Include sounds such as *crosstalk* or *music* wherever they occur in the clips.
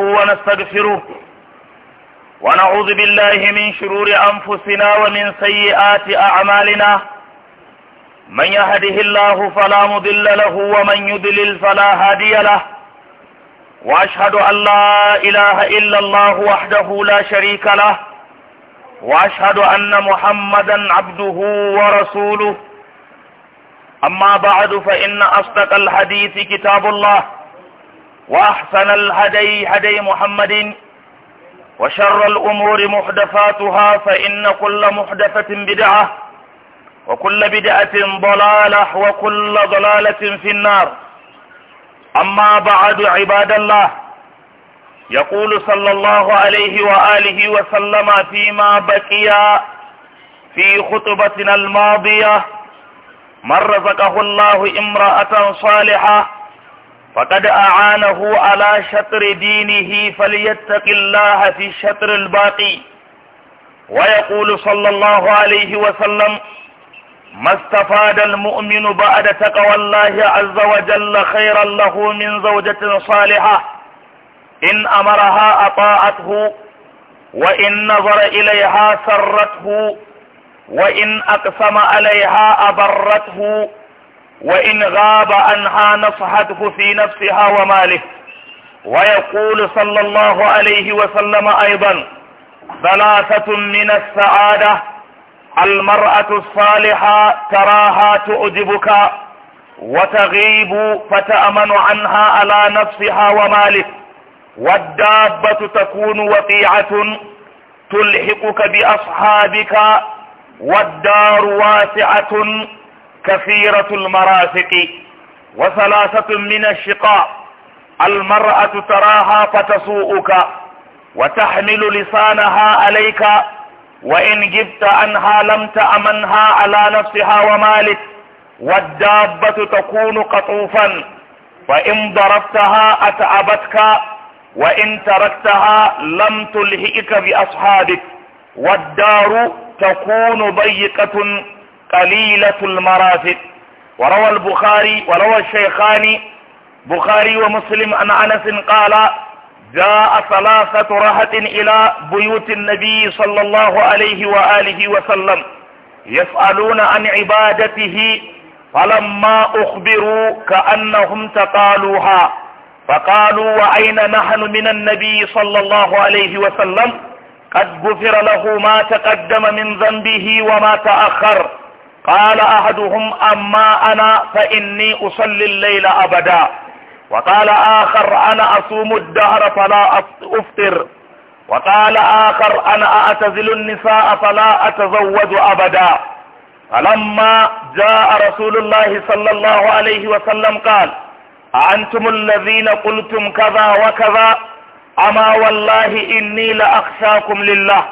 ونستغفره ونعوذ بالله من شرور أنفسنا ومن سيئات أعمالنا من يهده الله فلا مضل له ومن يضلل فلا هادي له وأشهد أن لا إله إلا الله وحده لا شريك له وأشهد أن محمدا عبده ورسوله أما بعد فإن أصدق الحديث كتاب الله وأحسن الهدي هدي محمد وشر الأمور محدثاتها فإن كل محدثة بدعة وكل بدعة ضلالة وكل ضلالة في النار أما بعد عباد الله يقول صلى الله عليه وآله وسلم فيما بقي في خطبتنا الماضية من رزقه الله امرأة صالحة فقد أعانه على شطر دينه فليتق الله في شطر الباقي ويقول صلى الله عليه وسلم ما استفاد المؤمن بعد تقوى الله عز وجل خيرا له من زوجة صالحة إن أمرها أطاعته وإن نظر إليها سرته وإن أقسم عليها أبرته وإن غاب عنها نصحته في نفسها وماله ويقول صلى الله عليه وسلم أيضا ثلاثة من السعادة المرأة الصالحة تراها تؤذبك وتغيب فتأمن عنها على نفسها ومالك والدابة تكون وقيعة تلحقك بأصحابك والدار واسعة كثيرة المرافق وثلاثة من الشقاء المرأة تراها فتسوءك وتحمل لسانها عليك وإن جبت عنها لم تأمنها على نفسها ومالك والدابة تكون قطوفا فإن ضربتها أتعبتك وإن تركتها لم تلهئك بأصحابك والدار تكون ضيقة قليلة المرافق وروى البخاري وروى الشيخان بخاري ومسلم عن أنس قال جاء ثلاثة رهة إلى بيوت النبي صلى الله عليه وآله وسلم يسألون عن عبادته فلما أخبروا كأنهم تقالوها فقالوا وأين نحن من النبي صلى الله عليه وسلم قد غفر له ما تقدم من ذنبه وما تأخر قال أحدهم أما أنا فإني أصلي الليل أبدا وقال آخر أنا أصوم الدهر فلا أفطر وقال آخر أنا أعتزل النساء فلا أتزوج أبدا فلما جاء رسول الله صلى الله عليه وسلم قال أأنتم الذين قلتم كذا وكذا أما والله إني لأخشاكم لله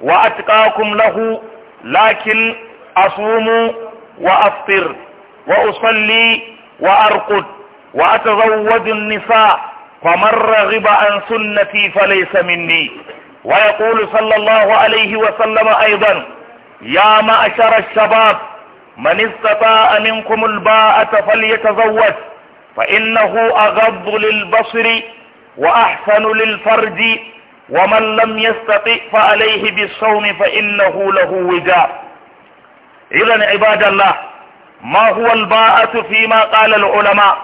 وأتقاكم له لكن أصوم وأفطر وأصلي وأرقد وأتزوج النساء فمن رغب عن سنتي فليس مني ويقول صلى الله عليه وسلم أيضا يا معشر الشباب من استطاع منكم الباءة فليتزوج فإنه أغض للبصر وأحسن للفرج ومن لم يستطع فعليه بالصوم فإنه له وجاء إذا عباد الله ما هو الباءة فيما قال العلماء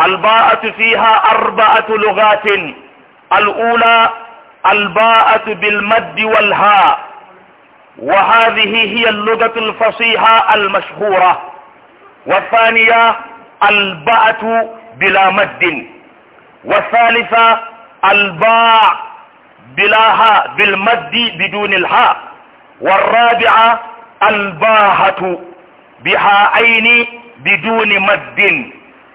الباءة فيها أربعة لغات الأولى الباءة بالمد والهاء وهذه هي اللغة الفصيحة المشهورة والثانية الباءة بلا مد والثالثة الباء بلا هاء بالمد بدون الهاء والرابعة الباهة بها عين بدون مد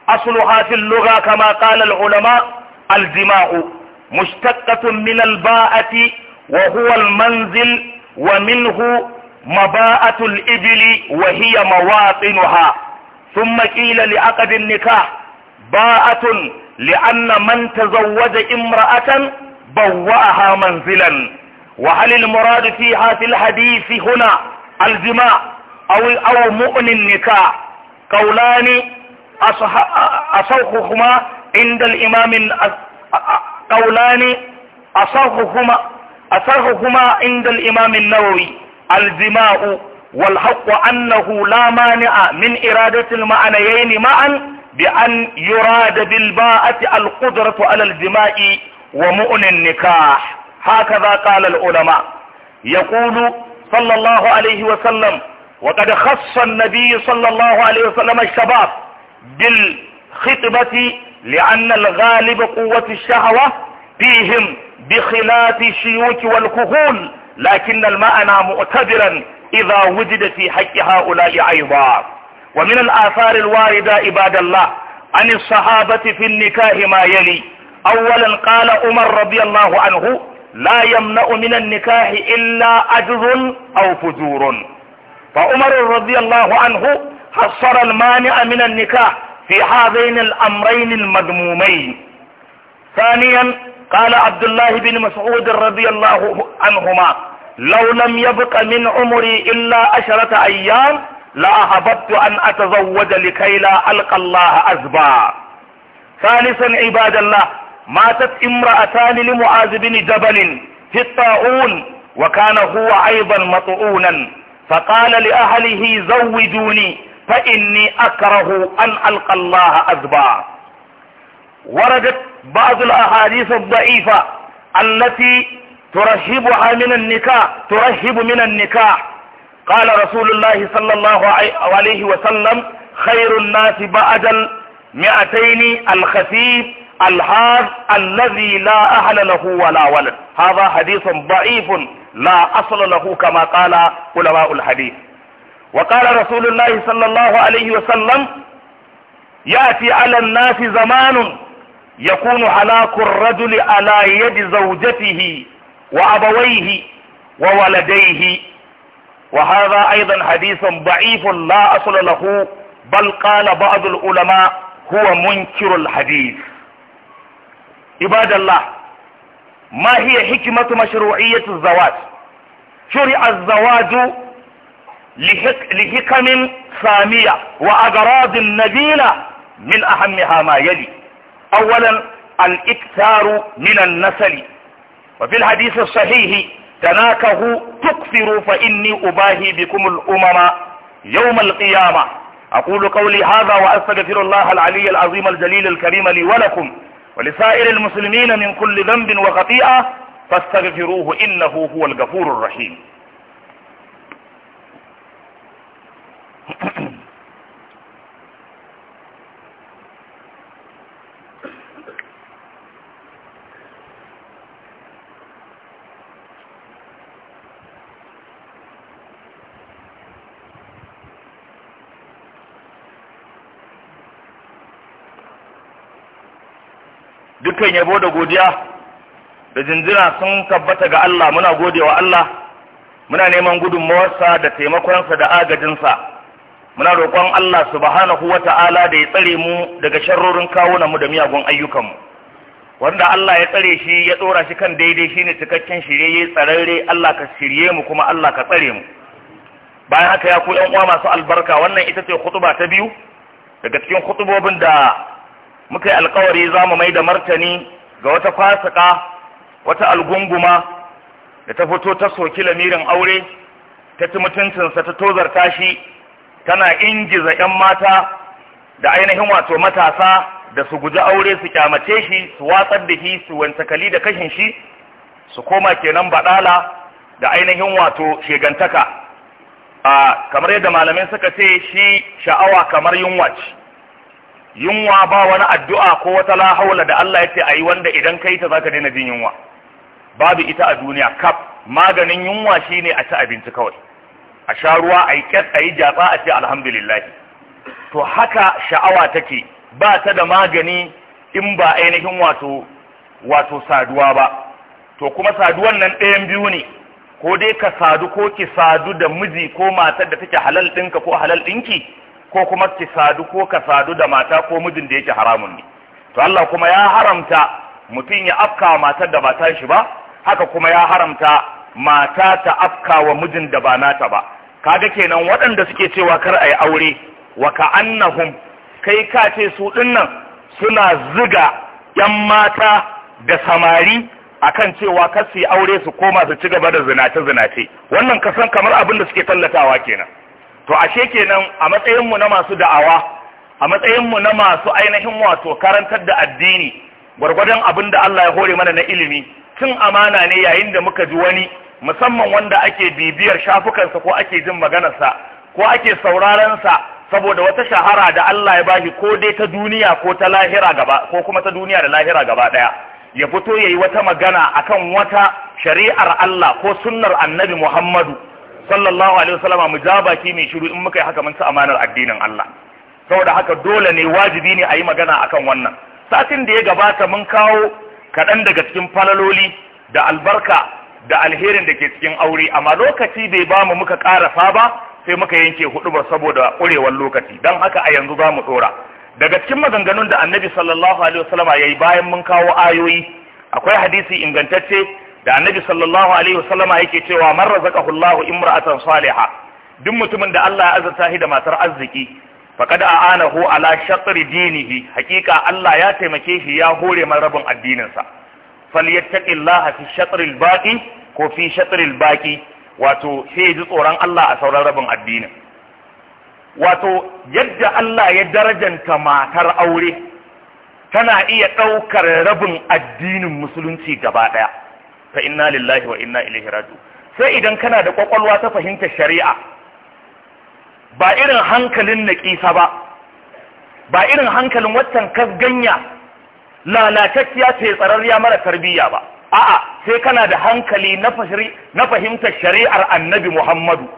أصلها في اللغة كما قال العلماء الدماء مشتقة من الباءة وهو المنزل ومنه مباءة الإبل وهي مواطنها ثم قيل لعقد النكاح باءة لأن من تزوج امرأة بوأها منزلا وهل المراد فيها في الحديث هنا الجماع أو أو مؤن النكاح قولان أصحهما عند الإمام قولان أصحهما أصحهما عند الإمام النووي الجماع والحق أنه لا مانع من إرادة المعنيين معا بأن يراد بالباءة القدرة على الجماع ومؤن النكاح هكذا قال العلماء يقول صلى الله عليه وسلم وقد خص النبي صلى الله عليه وسلم الشباب بالخطبة لأن الغالب قوة الشهوة فيهم بخلاف الشيوخ والكهول لكن المعنى معتبرا إذا وجد في حق هؤلاء أيضا ومن الآثار الواردة عباد الله عن الصحابة في النكاح ما يلي أولا قال عمر رضي الله عنه لا يمنع من النكاح إلا أجر أو فجور فعمر رضي الله عنه حصر المانع من النكاح في هذين الأمرين المذمومين ثانيا قال عبد الله بن مسعود رضي الله عنهما لو لم يبق من عمري إلا أشرة أيام لأحببت أن أتزوج لكي لا ألقى الله أزبا ثالثا عباد الله ماتت امرأتان لمعاذ بن جبل في الطاعون وكان هو ايضا مطعونا فقال لأهله زوجوني فإني أكره أن ألقى الله أذبا وردت بعض الأحاديث الضعيفة التي ترهبها من النكاح ترهب من النكاح قال رسول الله صلى الله عليه وسلم خير الناس بعد المئتين الخفيف الهاد الذي لا أهل له ولا ولد هذا حديث ضعيف لا أصل له كما قال علماء الحديث وقال رسول الله صلى الله عليه وسلم يأتي على الناس زمان يكون هلاك الرجل على يد زوجته وأبويه وولديه وهذا أيضا حديث ضعيف لا أصل له بل قال بعض العلماء هو منكر الحديث عباد الله ما هي حكمة مشروعية الزواج شرع الزواج لحك... لحكم سامية وأغراض نبيلة من أهمها ما يلي أولا الإكثار من النسل وفي الحديث الصحيح تناكه تكثروا فإني أباهي بكم الأمم يوم القيامة أقول قولي هذا وأستغفر الله العلي العظيم الجليل الكريم لي ولكم ولسائر المسلمين من كل ذنب وخطيئة فاستغفروه إنه هو الغفور الرحيم *clears throat* dukkan yabo da godiya da jinjina sun tabbata ga Allah muna godewa Allah muna neman gudunmawarsa da taimakonsa da agajinsa muna roƙon Allah subhanahu ta'ala da ya tsare mu daga sharrorin kawunan mu da miyagun ayyukanmu wanda Allah ya tsare shi ya tsora shi kan daidai shine cikakken shirye tsararre Allah ka shirye mu kuma Allah ka tsare mu bayan haka ya ku yan uwa masu albarka wannan ita ce khutuba ta biyu daga cikin khutubobin da muka yi alkawari za mu mai da martani ga wata fasika wata algunguma da ta fito ta soki lamirin aure ta ci mutuncinsa ta tozarta shi tana ingiza 'yan mata da ainihin wato matasa da su guji aure su kyamace shi su watsar da shi su wancakali da kashin shi su koma kenan baɗala da ainihin wato shegantaka a kamar yadda malamin suka ce shi sha'awa kamar yunwa ce yunwa ba wani addu'a ko wata lahaula da Allah ya ce a yi wanda idan ka ta zaka daina jin yunwa babu ita a duniya kaf maganin yunwa shine a ci abinci kawai a sha ruwa a yi kyas a yi jaɓa, a ce alhamdulillah to haka sha'awa take ba ta da magani in ba ainihin wato wato saduwa ba to kuma saduwan nan ɗayan biyu ne ko dai ka sadu ko ki sadu da miji ko matar da take halal ɗinka ko halal ɗinki ko kuma ki sadu ko ka sadu da mata ko mijin da yake haramun ne to Allah kuma ya haramta mutum ya afka wa matar da ba ta shi ba haka kuma ya haramta mata ta afka wa mijin da ba nata ba kaga kenan waɗanda suke cewa kar a aure wa ka kai ka ce su dinnan suna zuga yan mata da samari akan cewa kar su aure su koma su ci gaba da zinace zinace wannan kasan kamar abin da suke tallatawa kenan to ashe kenan a matsayinmu na masu da'awa a matsayinmu na masu ainihin wato karantar da addini gwargwadon abin da Allah ya hore mana na ilimi cin amana ne yayin da muka ji wani musamman wanda ake bibiyar shafukansa ko ake jin maganarsa ko ake saurarensa saboda wata shahara da Allah ya bashi ko dai ta duniya ko ta lahira gaba ko kuma ta duniya da lahira gaba daya ya fito yayi wata magana akan wata shari'ar Allah ko sunnar Annabi Muhammadu sallallahu alaihi wasallama mu ja baki mai shiru in muka yi haka mun ci amanar addinin Allah saboda haka dole ne wajibi ne a yi magana akan wannan satin da ya gabata mun kawo kaɗan daga cikin falaloli da albarka da alherin da ke cikin aure amma lokaci bai ba mu muka ƙarasa ba sai muka yanke hudu ba saboda ƙurewar lokaci don haka a yanzu za mu ɗora daga cikin maganganun da annabi sallallahu alaihi wasallama ya yi bayan mun kawo ayoyi akwai hadisi ingantacce da annabi sallallahu alaihi wasallama yake cewa man razaqahu Allahu imra'atan salihah duk mutumin da Allah ya azurta shi da matar arziki faqad a'anahu ala shatri dinihi hakika Allah ya taimake shi ya hore man rabin addininsa falyattaqillaha fi shatri al-baqi ko fi shatri al-baqi wato sai ji tsoron Allah a sauran rabin addinin wato yadda Allah ya darajanta matar aure tana iya ɗaukar rabin addinin musulunci gaba daya fa inna lillahi wa inna ilaihi raji'un sai idan kana da kwakwalwa ta fahimta shari'a ba irin hankalin naƙisa ba ba irin hankalin waccan kasganya lalatacciya ce tsararriya mara tarbiyya ba a'a sai kana da hankali na fahimta shari'ar annabi muhammadu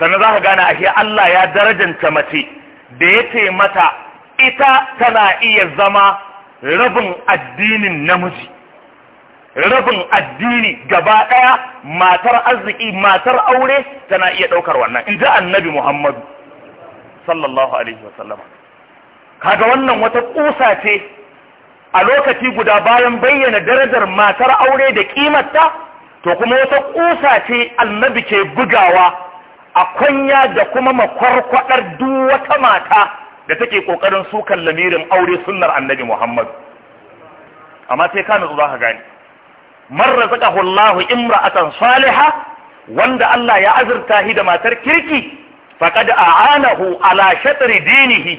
sannan za ka gane ashe Allah ya darajanta mace da ya ce mata ita tana iya zama rabin addinin namiji rabin addini gaba ɗaya matar arziki matar aure tana iya ɗaukar wannan in ji annabi muhammadu sallallahu alaihi wasallama kaga wannan wata ƙusa ce a lokaci guda bayan bayyana darajar matar aure da ƙimarta to kuma wata ƙusa ce annabi ke bugawa a kwanya da kuma makwarkwadar duk wata mata da take ƙoƙarin sukan lamirin aure sunnar annabi muhammadu amma sai ka nutsu za ka gani man razaqahu Allahu imra'atan saliha wanda Allah ya azurta shi da matar kirki faqad a'anahu ala shatri dinihi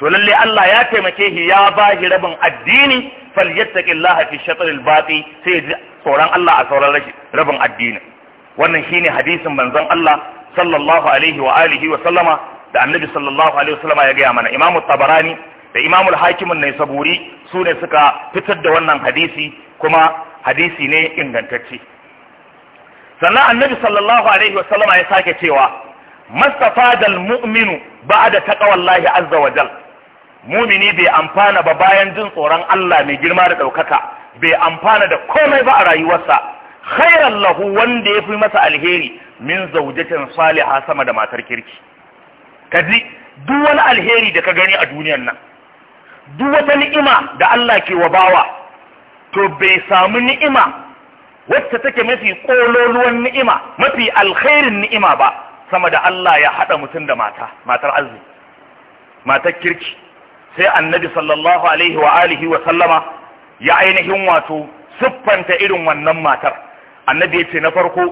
to lalle Allah ya taimake shi ya ba shi rabin addini falyattaqillaha fi shatr al-bati sai tsoron Allah a tsoron rabin addini wannan shine hadisin manzon Allah sallallahu alaihi wa alihi wa sallama da annabi sallallahu alaihi wa sallama ya gaya mana imamu tabarani da imamul hakimin hakim an-naisaburi su ne suka fitar da wannan hadisi kuma hadisi ne ingantacce sannan annabi sallallahu alaihi wasallama ya sake cewa mastafa dal mu'minu da taqwallahi azza wa jal mumini bai amfana ba bayan jin tsoron Allah mai girma da daukaka bai amfana da komai ba a rayuwarsa khairan lahu wanda ya fi masa alheri min zaujatin saliha sama da matar kirki kaji duk wani alheri da ka gani a duniyar nan duk wata ni'ima da Allah ke wa bawa to bai samu ni'ima wacce take mafi ƙololuwan ni'ima mafi alkhairin ni'ima ba sama da Allah ya haɗa mutum da mata matar arziki matar kirki sai annabi sallallahu alaihi wa alihi wa sallama ya ainihin wato siffanta irin wannan matar annabi yace na farko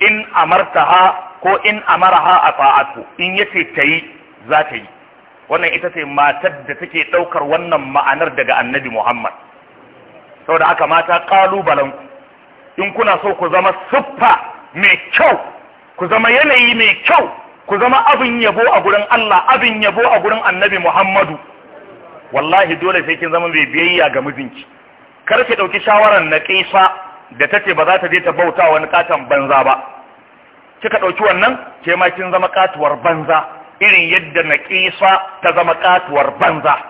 in amartaha ko in amaraha a fa'atu in yace tayi za ta yi wannan ita ce matar da take ɗaukar wannan ma'anar daga annabi Muhammad saboda haka mata kalubalen in kuna so ku zama siffa mai kyau ku zama yanayi mai kyau ku zama abin yabo a gurin Allah abin yabo a gurin Annabi Muhammadu wallahi dole sai kin zama mai biyayya ga mijinki kar ki dauki shawaran na kaisa da tace ba za ta je ta bauta wani katan banza ba kika dauki wannan ke ma kin zama katuwar banza irin yadda na kaisa ta zama katuwar banza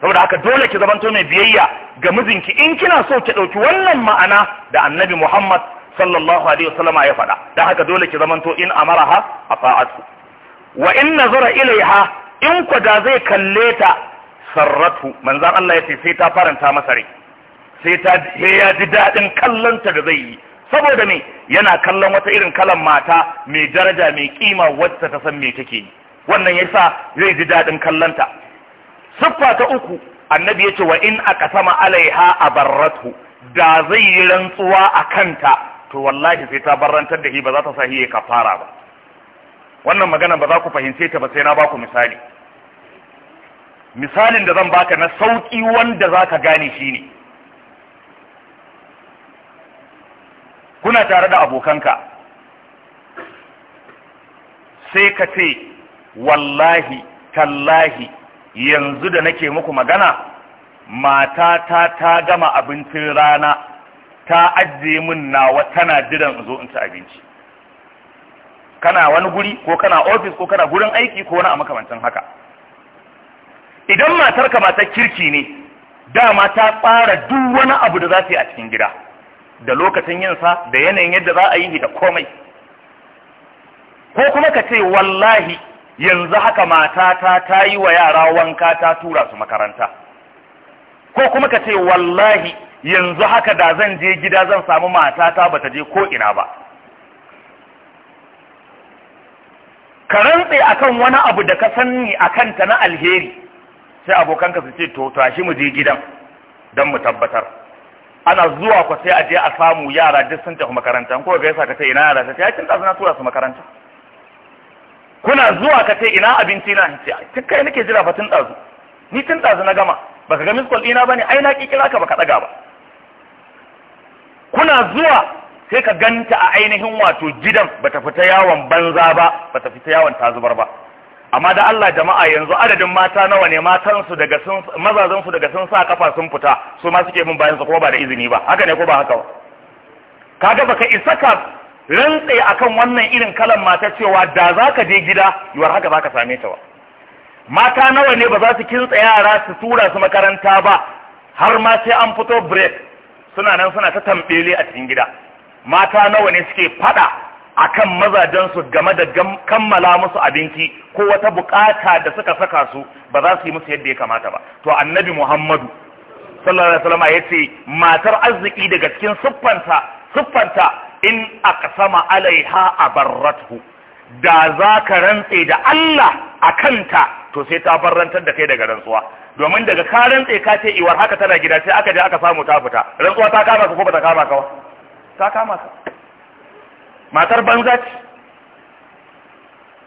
saboda haka dole ki zamanto mai biyayya ga mijinki in kina so ki ɗauki wannan ma'ana da annabi Muhammad sallallahu alaihi wasallam ya faɗa dan haka dole ki zamanto in amaraha afa'atu wa in nazara ilaiha in ku da zai kalle ta sarratu manzan Allah ya ce sai ta faranta masa rai sai ta ya ji daɗin kallonta da zai yi saboda me yana kallon wata irin kalan mata mai daraja mai kima wacce ta san me take yi wannan yasa zai ji daɗin kallonta siffa ta uku annabi ya ce wa in aka sama alaiha a barratu da zai yi rantsuwa a kanta to wallahi sai ta barrantar da shi ba za ta ka fara ba wannan magana ba za ku fahimce ta ba sai na baku misali misalin da zan baka na sauki wanda za ka gane shi ne kuna tare da abokanka sai ka ce wallahi tallahi yanzu da nake muku magana matata ta gama abincin rana ta ajiye min nawa tana jiran in zo in ci abinci kana wani guri ko kana ofis ko kana gurin aiki ko wani a makamancin haka idan matarka matar kirki ne dama ta tsara duk wani abu da za ta yi a cikin gida da lokacin yinsa da yanayin yadda za a yi da komai ko kuma ka ce wallahi yanzu haka matata ta yi wa yara wanka ta tura su makaranta ko kuma ka ce wallahi yanzu haka da zan je gida zan samu matata bata je ko ina ba ka rantse akan wani abu da ka sani a kanta na alheri sai abokanka su ce to tashi mu je gidan don mu tabbatar ana zuwa ku sai a je a samu yara duk sun tafi makaranta ko ga yasa ka ce ina yara ta ce ya kinta na tura su makaranta kuna zuwa ka ce ina abinci na hince tun kai nake jira fa tun dazu ni tun dazu na gama baka ga miskol na bane ai na kikira ka baka ɗaga ba kuna zuwa sai ka ganta a ainihin wato gidan bata fita yawon banza ba bata fita yawon tazubar ba amma da Allah jama'a yanzu adadin mata nawa ne matansu daga sun su daga sun sa kafa sun fita su ma suke bin bayan su ko ba da izini ba haka ne ko ba haka ba kaga baka isa ka rantse akan wannan irin kalan mata cewa da za ka je gida yiwuwar haka za ka same ta ba mata nawa ne ba za su kintsa yara su tura su makaranta ba har ma sai an fito break suna nan suna ta tambele a cikin gida mata nawa ne suke fada akan mazajen su game da kammala musu abinci ko wata bukata da suka saka su ba za su yi musu yadda ya kamata ba to annabi muhammadu sallallahu alaihi wasallam ya ce matar arziki daga cikin siffanta siffanta in aqsama alaiha abarrathu da za ka rantse da Allah a kanta to sai ta barrantar da kai daga rantsuwa domin daga ka rantse ka ce iwar haka tana gida sai aka je aka samu ta fita rantsuwa ta kama ka ko ba ta kama ka ba ta kama ka matar banza ce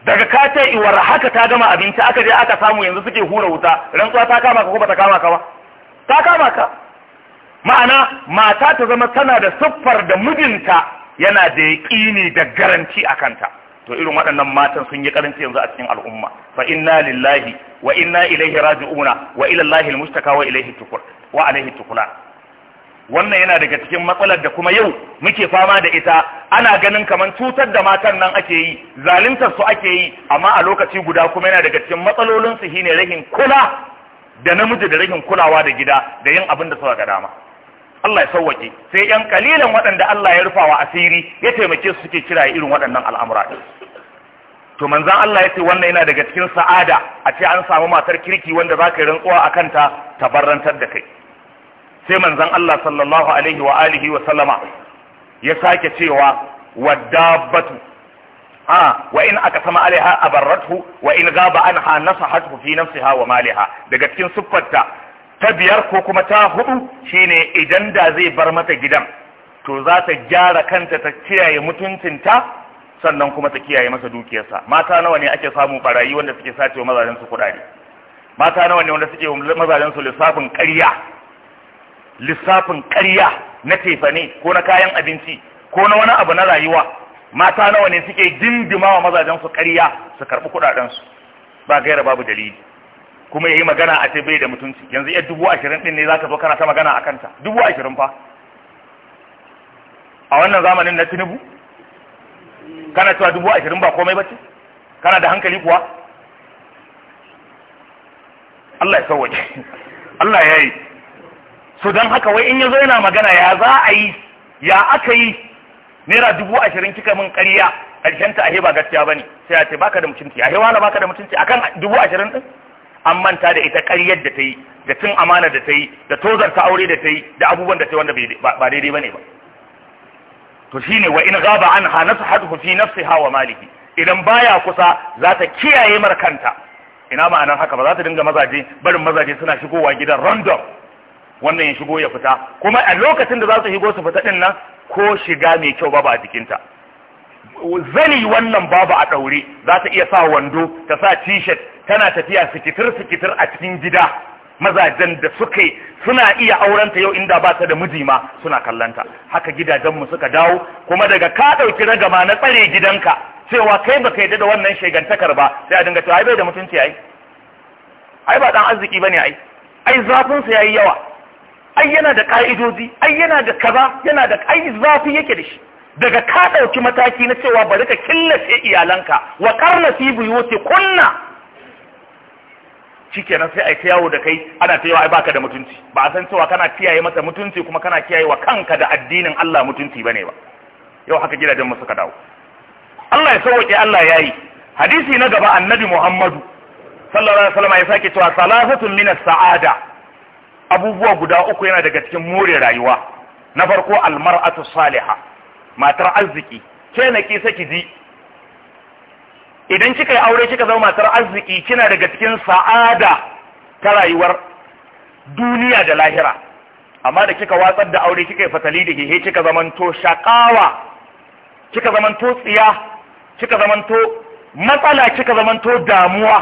daga ka ce iwar haka ta gama abinci aka je aka samu yanzu suke hura wuta rantsuwa ta kama ka ko ba ta kama ka ba ta kama ka ma'ana mata ta zama tana da siffar da mijinta yana da yaƙini da garanti a kanta to irin waɗannan matan sun yi karanci yanzu a cikin al'umma fa inna lillahi wa inna ilaihi raji'una wa ila allahi almustaka wa ilaihi tukur wa alaihi tukula wannan yana daga cikin matsalar da kuma yau muke fama da ita ana ganin kamar cutar da matan nan ake yi zaluntar su ake yi amma a lokaci guda kuma yana daga cikin matsalolin su shine rahin kula da namiji da rahin kulawa da gida da yin abin da suka ga dama Allah ya sauwake sai yan kalilan waɗanda Allah ya rufawa asiri ya taimake su suke kiraye irin waɗannan al'amura to manzan Allah ya ce wannan yana daga cikin sa'ada a ce an samu matar kirki wanda za ka yi rantsuwa a kanta ta da kai sai manzan Allah sallallahu alaihi wa alihi wa sallama ya sake cewa waddabatu a wa in aka sama alaiha abarrathu wa in gaba anha nasahatu fi nafsiha wa maliha daga cikin siffarta ta biyar ko kuma ta hudu shine idan da zai bar mata gidan to za ta gyara kanta ta kiyaye mutuncinta sannan kuma ta kiyaye masa dukiyarsa mata nawa ne ake samu barayi wanda suke sace wa mazajen su kudade mata nawa ne wanda suke mazajen su lissafin ƙarya lissafin ƙarya na tefane ko na kayan abinci ko na wani abu na rayuwa mata nawa ne suke dindima wa mazajen su ƙarya su karɓi kudaden su ba gaira babu dalili kuma yayi magana a ce bai da mutunci yanzu yar dubu ashirin din ne zaka zo kana ta magana a kanta dubu ashirin fa a wannan zamanin na tinubu kana cewa dubu ashirin ba komai bace kana da hankali kuwa Allah ya sauwaje *laughs* Allah ya yi so don haka wai in ya zo yana magana ya za a yi ya aka yi naira dubu ashirin kika min ƙarya ƙarshen ta ahe ba gaskiya ba ne sai a ce baka da mutunci ahe wala baka da mutunci akan dubu ashirin din an manta da ita ƙaryar da ta yi da cin amana da ta yi da tozarta aure da ta yi da abubuwan da ta yi wanda ba daidai ba ne ba to shi ne wa in gaba an hana su haɗu fi nafsi hawa maliki idan baya kusa za ta kiyaye mar kanta ina ma'anar haka ba za ta dinga mazaje barin mazaje suna shigowa gidan random wannan ya shigo ya fita kuma a lokacin da za su shigo su fita ɗin nan ko shiga mai kyau ba ba a jikinta zani wannan babu a ɗaure za ta iya sa wando ta sa t-shirt tana tafiya sikitir-sikitir a cikin gida mazajen da suka suna iya aurenta yau inda ba ta da miji ma suna kallanta haka gidajenmu suka dawo kuma daga ka ɗauki ragama na tsare gidanka cewa kai baka yadda da wannan shegantakar ba sai a dinga cewa ai bai da mutunci ai ai ba dan arziki bane ai ai zafin sa yayi yawa ai yana da ka'idoji ai yana da kaza yana da ai zafi yake da shi daga ka ɗauki mataki na cewa bari ka killace iyalanka wa karna fi buyuti kunna shikenan sai ai ta yawo da kai ana ta yawo ai baka da mutunci ba a san cewa kana kiyaye masa mutunci kuma kana kiyaye wa kanka da addinin Allah mutunci bane ba yau haka gidajen mu suka dawo Allah ya sauke Allah yayi hadisi na gaba annabi Muhammadu sallallahu alaihi wasallam ya sake cewa salafatun min as-sa'ada abubuwa guda uku yana daga cikin more rayuwa na farko al-mar'atu salihah matar arziki ke na ki saki ji idan kika yi aure kika zama matar arziki kina daga cikin sa'ada ta rayuwar duniya da lahira amma da kika watsar da aure kika yi fatali da hehe kika zamanto shakawa kika zamanto tsiya kika zamanto matsala kika zamanto damuwa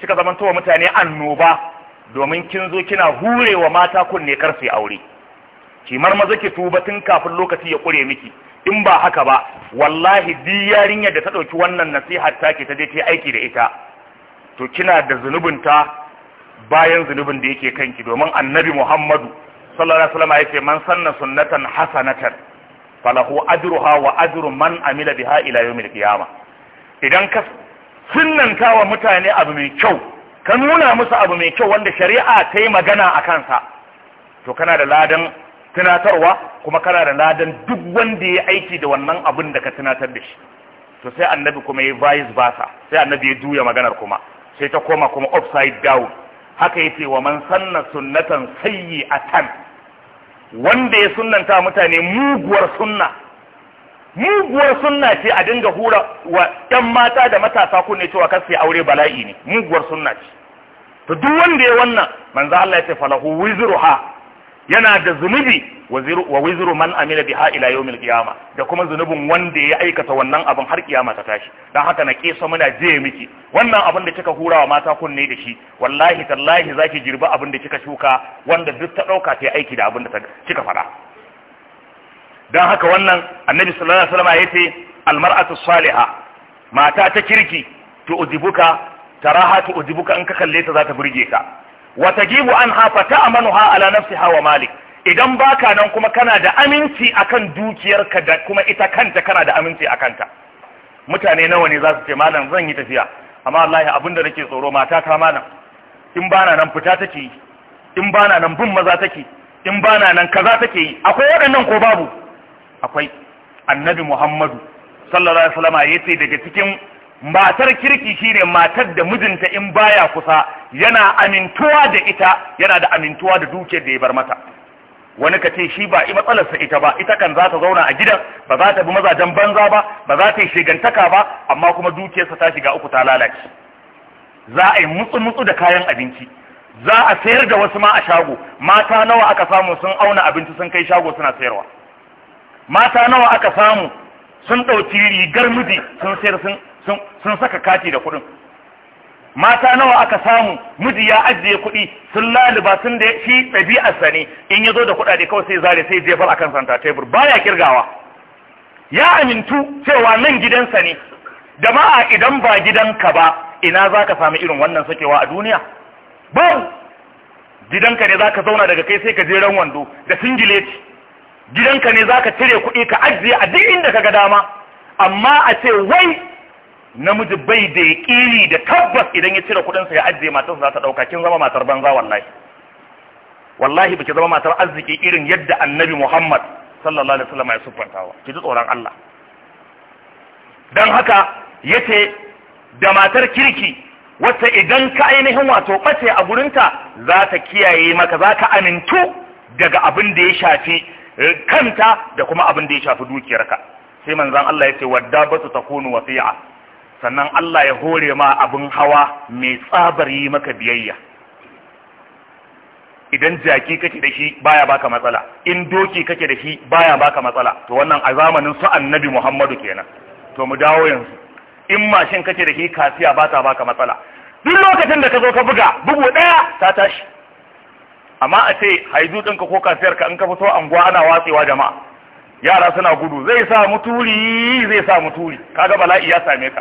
kika zamanto wa mutane annoba domin kin zo kina hurewa mata kunne karfe aure kimar maza ki tuba tun kafin lokaci ya kure miki in ba haka ba wallahi di yarinyar da ta ɗauki wannan nasihar ke ta je ta aiki da ita to kina da zunubinta ta bayan zunubin da yake kanki domin annabi Muhammadu sallallahu alaihi wasallam yace man sanna sunnatan hasanatan falahu ajruha wa ajru man amila biha ila yawmil qiyama idan ka sunnanta wa mutane abu mai kyau ka nuna musu abu mai kyau wanda shari'a ta yi magana a kansa to kana da ladan tunatarwa kuma kana da ladan duk wanda ya aiki da wannan abin da ka tunatar da shi to sai annabi kuma ya vice versa sai annabi ya juya maganar kuma sai ta koma kuma upside down haka yace wa man sanna sunnatan sayyi'atan wanda ya sunnanta mutane muguwar sunna muguwar sunna ce a dinga hura wa ɗan mata da matasa kunne cewa kar sai aure bala'i ne muguwar sunna ce to duk wanda ya wannan manzo Allah ya ce falahu wizruha yana da zunubi wa wizru man amila biha ila yawmil qiyama da kuma zunubin wanda ya aikata wannan abin har kiyama ta tashi dan haka na kesa muna je miki wannan abin da kika hurawa mata kunne da shi wallahi tallahi zaki jirba abin da kika shuka wanda duk ta dauka ta aiki da abin da kika faɗa. dan haka wannan annabi sallallahu alaihi wasallam yace maratu salihah mata ta kirki tu'dibuka taraha tu'dibuka in ka kalle ta za ta burge ka watajibu anha fata'amanuha ala nafsi wa malik idan baka nan kuma kana da aminci akan dukiyarka da kuma ita kanta kana da aminci akanta mutane nawa ne za su ce malam zan yi tafiya amma wallahi abinda nake tsoro mata ta malam in bana nan fita take yi in bana nan bin maza take in bana nan kaza take yi akwai waɗannan ko babu akwai annabi muhammadu sallallahu alaihi wasallam yace daga cikin matar kirki shine matar da mijinta in baya kusa yana amintuwa da ita yana da amintuwa da dukiyar da ya bar mata wani ka ce shi ba i matsalarsa ita ba ita kan za ta zauna a gidan ba za ta bi mazajen banza ba ba za ta yi shigantaka ba amma kuma dukiyarsa ta shiga uku ta lalace za a yi mutsu-mutsu da kayan abinci za a sayar da wasu ma a shago mata nawa aka samu sun auna abinci sun kai shago suna sayarwa mata nawa aka samu sun ɗauki rigar miji sun sayar sun sun saka kati da kuɗin mata nawa aka samu miji ya ajiye kuɗi sun laliba sun da shi sa ne in ya zo da kuɗaɗe kawai sai zare sai jefar akan santa tebur baya kirgawa ya amintu cewa nan gidansa ne jama'a idan ba gidanka ba ina za ka sami irin wannan sakewa a duniya Ba, gidanka ne za ka zauna daga kai sai ka ran wando da singileti gidanka ne za ka cire kuɗi ka ajiye a duk inda ka ga dama amma a ce wai namiji bai da ya yaƙini da tabbas idan ya cire kuɗinsa ya ajiye matarsa za ta ɗauka kin zama matar banza wallahi wallahi biki zama matar arziki irin yadda annabi muhammad sallallahu alaihi wasallam ya siffantawa ki ji tsoron allah don haka yace da matar kirki wacce idan ka ainihin wato ɓace a gurinta za ta kiyaye maka za ka amintu daga abin da ya shafi eh, kanta da kuma abin da ya shafi dukiyarka sai manzon Allah ya ce wadda ta takunu wasi'a sannan Allah ya hore ma abin hawa mai tsabar yi maka biyayya idan jaki kake da shi baya baka matsala in doki kake da shi baya baka matsala to wannan a zamanin su annabi Muhammadu kenan to mu dawo yanzu in mashin kake da shi kasiya bata baka matsala duk lokacin da ka zo ka buga bugu ɗaya ta tashi amma a ce haizu ɗinka ko kasiyar ka in ka fito anguwa ana watsewa jama'a yara suna gudu zai sa muturi zai sa muturi kaga bala'i ya same ka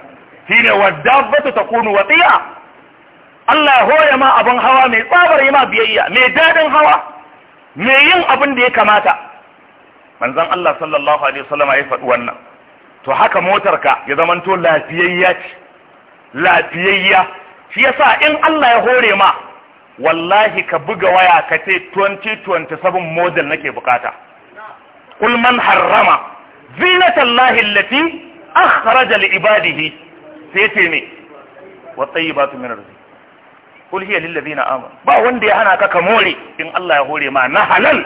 shine wadabbatu kunu watiya Allah hoya ma abin hawa mai tsabar ma biyayya mai dadin hawa mai yin abin da ya kamata manzon Allah sallallahu alaihi wasallam ya faɗi wannan to haka motarka ya zamanto lafiyayya ce lafiyayya shi yasa in Allah ya hore ma wallahi ka buga waya ka ce 2027 model nake bukata kul man harrama zinatallahi allati akhraja li ibadihi sai ne. me wa tayyibatu min rizqi kul hiya lil na Amur. ba wanda ya hana ka ka more in Allah ya hore ma na halal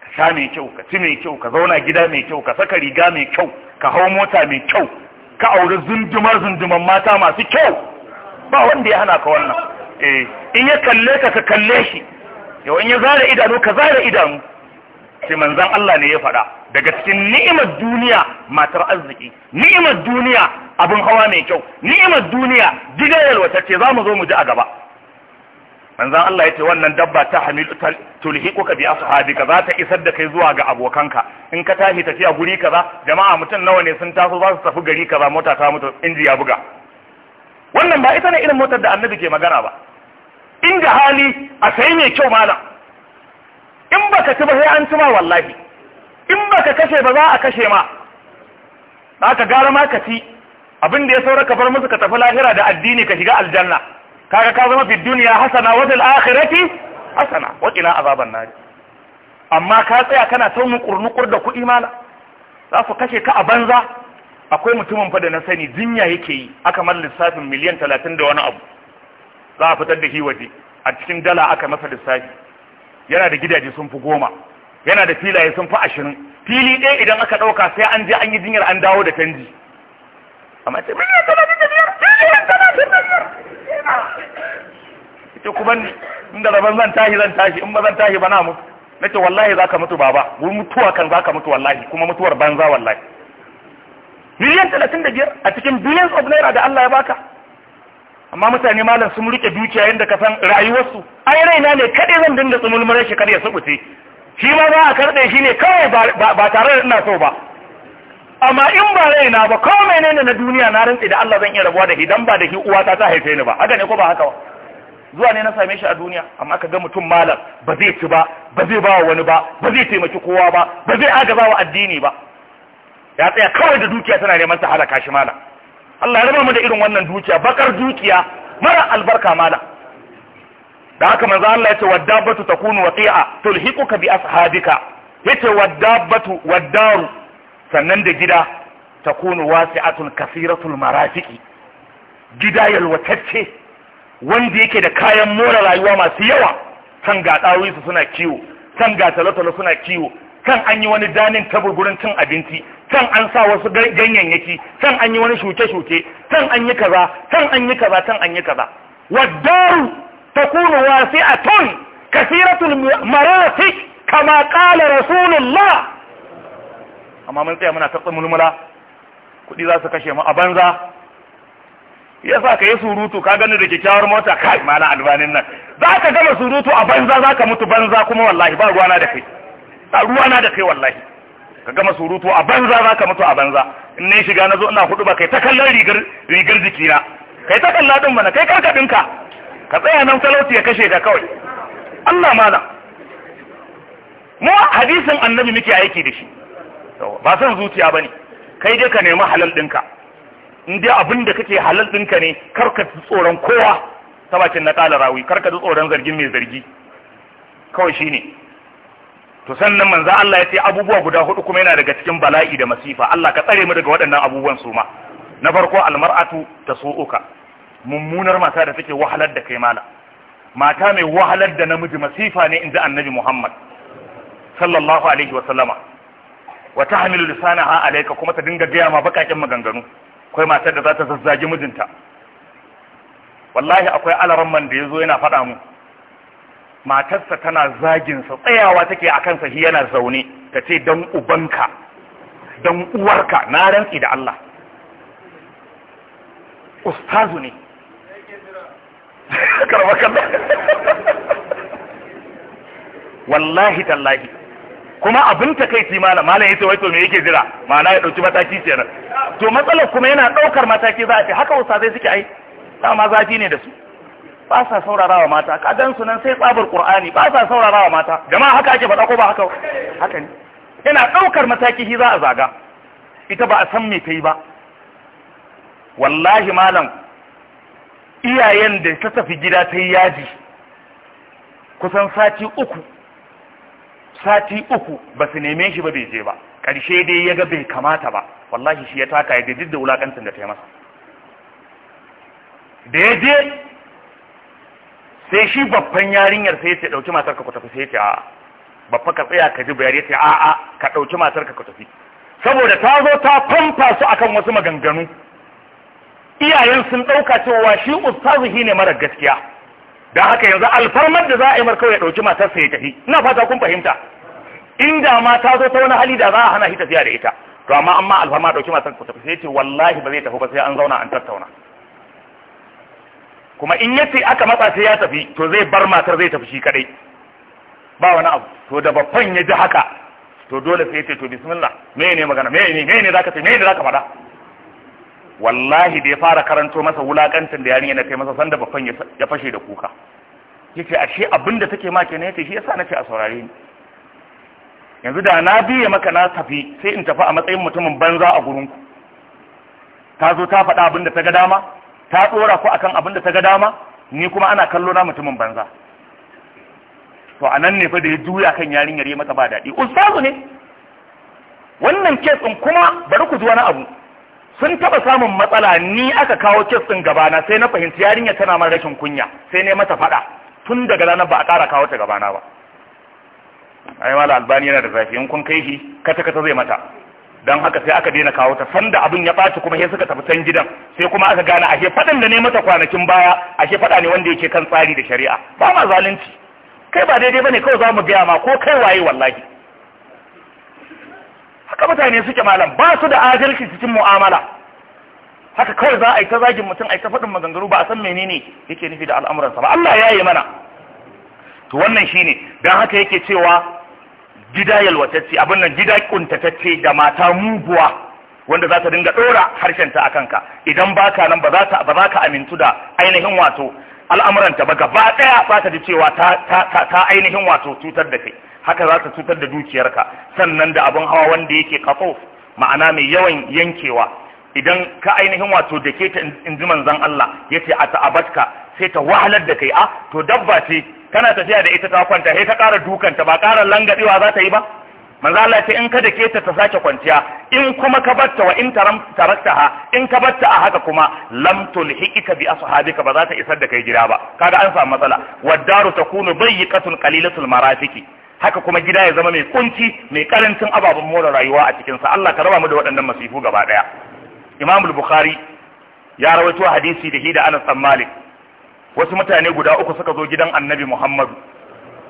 ka sha mai kyau ka ci mai kyau ka zauna gida mai kyau ka saka riga mai kyau ka hau mota mai kyau ka aure zundumar zunduman mata masu kyau ba wanda ya hana ka wannan eh in ya kalle ka ka kalle shi yau in ya zara idanu ka zara idanu sai manzan Allah ne ya faɗa daga cikin ni'imar duniya matar arziki ni'imar duniya abin hawa mai kyau ni'imar duniya gidan ce za mu zo mu ji a gaba manzan Allah ya ce wannan dabba ta hamilu tulhiquka bi ashabika za ta isar da kai zuwa ga abokanka in ka tashi tafiya guri kaza jama'a mutum nawa ne sun taso za su tafi gari kaza mota ta mutu inji ya buga wannan ba ita ne irin motar da annabi ke magana ba inda hali a sai mai kyau malam in baka ci ba sai an ci ma wallahi in baka kashe ba za a kashe ma za ka gara ma ka ci abin da ya saura ka bar musu ka tafi lahira da addini ka shiga aljanna kaga ka zama fi duniya hasana wa fil akhirati hasana wa qina azaban nar amma ka tsaya kana ta mukurnukur da kuɗi mala za su kashe ka a banza akwai mutumin fa da na sani jinya yake yi aka mar lissafin miliyan 30 da wani abu za a fitar da shi waje a cikin dala aka masa lissafi yana da gidaje sun fi goma yana da filaye sun fi ashirin fili ɗaya idan aka ɗauka sai an je an yi jinyar an dawo da canji amma ce miliyan talatin da biyar miliyan talatin da biyar ita kuma ni inda rabon zan tashi zan tashi in ba zan tashi ba na mutu na ce wallahi za ka mutu baba wani mutuwa kan za ka mutu wallahi kuma mutuwar banza wallahi miliyan talatin da biyar a cikin billions of naira da Allah ya baka amma mutane malam sun rike dukiya yadda ka san rayuwarsu ai raina ne kaɗai zan dinga tsumulmurar shi kar ya subuce shi ma za a karɗe shi ne kawai ba tare da ina so ba amma in ba raina ba ko ne na duniya na rantse da Allah zan iya rabuwa da shi ba da shi uwata ta haife ni ba haka ne ko ba haka ba zuwa ne na same shi a duniya amma ka ga mutum malam ba zai ci ba ba zai ba wani ba ba zai taimaki kowa ba ba zai agaza wa addini ba ya tsaya kawai da dukiya tana neman sa halaka shi malam Allah ya raba mu da irin wannan dukiya bakar dukiya mara albarka mala da haka manzo Allah yace waddabatu takunu waqi'a tulhiquka bi ashabika yace waddabatu waddaru sannan da gida takunu wasi'atun kasiratul marafiqi gida yalwatacce wanda yake da kayan more rayuwa masu yawa kan ga suna kiwo san ga talatala suna kiwo kan an yi wani danin tabur cin abinci can an sa wasu ganyayyaki can an yi wani shuke-shuke can an yi kaza can an yi kaza can an yi kaza waddaru takunu wasi'atun kasiratul marati kama qala rasulullah amma mun tsaya muna ta mulmula kuɗi za su kashe mu a banza Ya sa ka yi surutu ka gani da kyakkyawar mota kai mala albanin nan za ka gama surutu a banza za ka mutu banza kuma wallahi ba ruwana da kai a ruwa na da kai wallahi ka gama surutu a banza za ka mutu a banza in na shiga na zo ina hudu ba kai ta kallon rigar jikina kai ta kalla din mana kai karka dinka ka tsaya nan talauci ya kashe da kawai Allah mana mu hadisin annabi muke aiki da shi ba san zuciya ne kai dai ka nemi halal dinka in dai abin da kake halal dinka ne karka ji tsoron kowa ta bakin na kala rawi karka ji tsoron zargin mai zargi kawai shine to sannan manzo Allah ya ce abubuwa guda hudu kuma yana daga cikin bala'i da masifa Allah ka tsare mu daga waɗannan abubuwan su ma na farko almar'atu tasu'uka mummunar mata da take wahalar da kai mala mata mai wahalar da namiji masifa ne inda annabi Muhammad sallallahu alaihi wa sallama wa tahmilu lisanaha alayka kuma ta dinga gaya ma bakakin maganganu akwai matar da za ta zazzage mijinta wallahi akwai man da yazo yana faɗa mu matarsa tana zaginsa tsayawa take a kansa shi yana zaune ta ce don ubanka don uwarka na rantsi da Allah ustazu ne *laughs* *laughs* wallahi tallahi kuma abin takaici malam malam yace wai to me yake jira ma'ana ya dauki mataki kenan to matsalar kuma yana daukar mataki za a ce haka usazai suke ai dama zafi ne da su ba sa saurarawa mata ka dan nan sai tsabar qur'ani ba sa saurarawa mata jama'a haka ake faɗa ko ba haka haka ne yana daukar mataki shi za a zaga ita ba a san me ta yi ba wallahi malam iyayen da ta tafi gida ta yi yaji kusan sati uku sati uku ba su neme shi ba bai je ba ƙarshe dai ya ga bai kamata ba wallahi shi ya taka ya duk da wulaƙantar da ta yi masa da ya je sai shi babban yarinyar sai ce dauki matar ka ku tafi sai ce a'a babba ka tsaya ka ji bayani ce a'a ka dauki matar ka ku tafi saboda ta zo ta famfa su akan wasu maganganu iyayen sun dauka cewa shi ustazihi ne mara gaskiya dan haka yanzu alfarmar da za a yi markau ya dauki matar sa ya tafi ina fata kun fahimta inda ma ta zo ta wani hali da za a hana shi tafiya da ita to amma amma alfarma dauki matar ku tafi sai ce wallahi ba zai tafi ba sai an zauna an tattauna kuma in yace aka matsa sai ya tafi to zai bar matar zai tafi shi kadai ba wani abu to da babban ya ji haka to dole sai ce to bismillah me ne magana me ne me ne zaka ce me ne zaka faɗa wallahi da ya fara karanto masa wulakancin da yarinya na kai masa sanda babban ya fashe da kuka yace ashe abinda take ma kenan yace shi yasa nace a saurare ni yanzu da na biye maka na tafi sai in tafi a matsayin mutumin banza a gurinku ta zo ta faɗa abin da ta ga dama ta dora ku akan abin da ta ga dama ni kuma ana kallo na mutumin banza to a nan ne fa da ya juya kan yarinyar ya mata ba daɗi ustazu ne wannan kes ɗin kuma bari ku ji wani abu sun taɓa samun matsala ni aka kawo kes ɗin gabana sai na fahimci yarinyar tana man rashin kunya sai ne mata faɗa tun daga ranar ba a ƙara kawo ta gabana ba ai mala albani yana da zafi in kun kai shi kata kata zai mata don haka sai aka daina kawo ta sanda abin ya baci kuma sai suka tafi san gidan sai kuma aka gane ashe faɗan da ne mata kwanakin baya ashe faɗa ne wanda yake kan tsari da shari'a ba ma zalunci kai ba daidai bane kawai za mu gaya ma ko kai waye wallahi haka mutane suke malam ba su da adalci cikin mu'amala haka kawai za a yi ta zagin mutum a yi ta faɗin maganganu ba a san menene yake nufi da al'amuransa ba Allah ya yi mana to wannan shine dan haka yake cewa gida yalwatacce abin nan gida kuntatacce da mata muguwa wanda za ta dinga dora ta a kanka idan baka nan ba za ka amintu da ainihin wato al'amuranta ba gaba ɗaya ba ka ji cewa ta ainihin wato cutar da kai haka za ta cutar da dukiyarka sannan da abin hawa wanda yake kafo ma'ana mai yawan yankewa idan ka ainihin wato da ke ta in ji manzon Allah yace a ta'abatka sai ta wahalar da kai a ah, to dabba ce kana tafiya da ita ta kwanta sai ta ƙara dukanta ba ƙara langadewa za ta yi ba manzo Allah ce in ka dake ta ta sake kwanciya in kuma ka batta wa in taraktaha in ka batta a haka kuma lam tulhiqika bi ashabika ba za ta isar da kai gida ba kaga an samu matsala bai takunu bayyiqatun qalilatul marafiki haka kuma gida ya zama mai kunci mai karancin ababen more rayuwa a cikinsa Allah ka raba mu da waɗannan masifu gaba ɗaya Imam Bukhari ya rawaito hadisi da hida Anas bin Malik wasu mutane guda uku suka zo gidan annabi muhammadu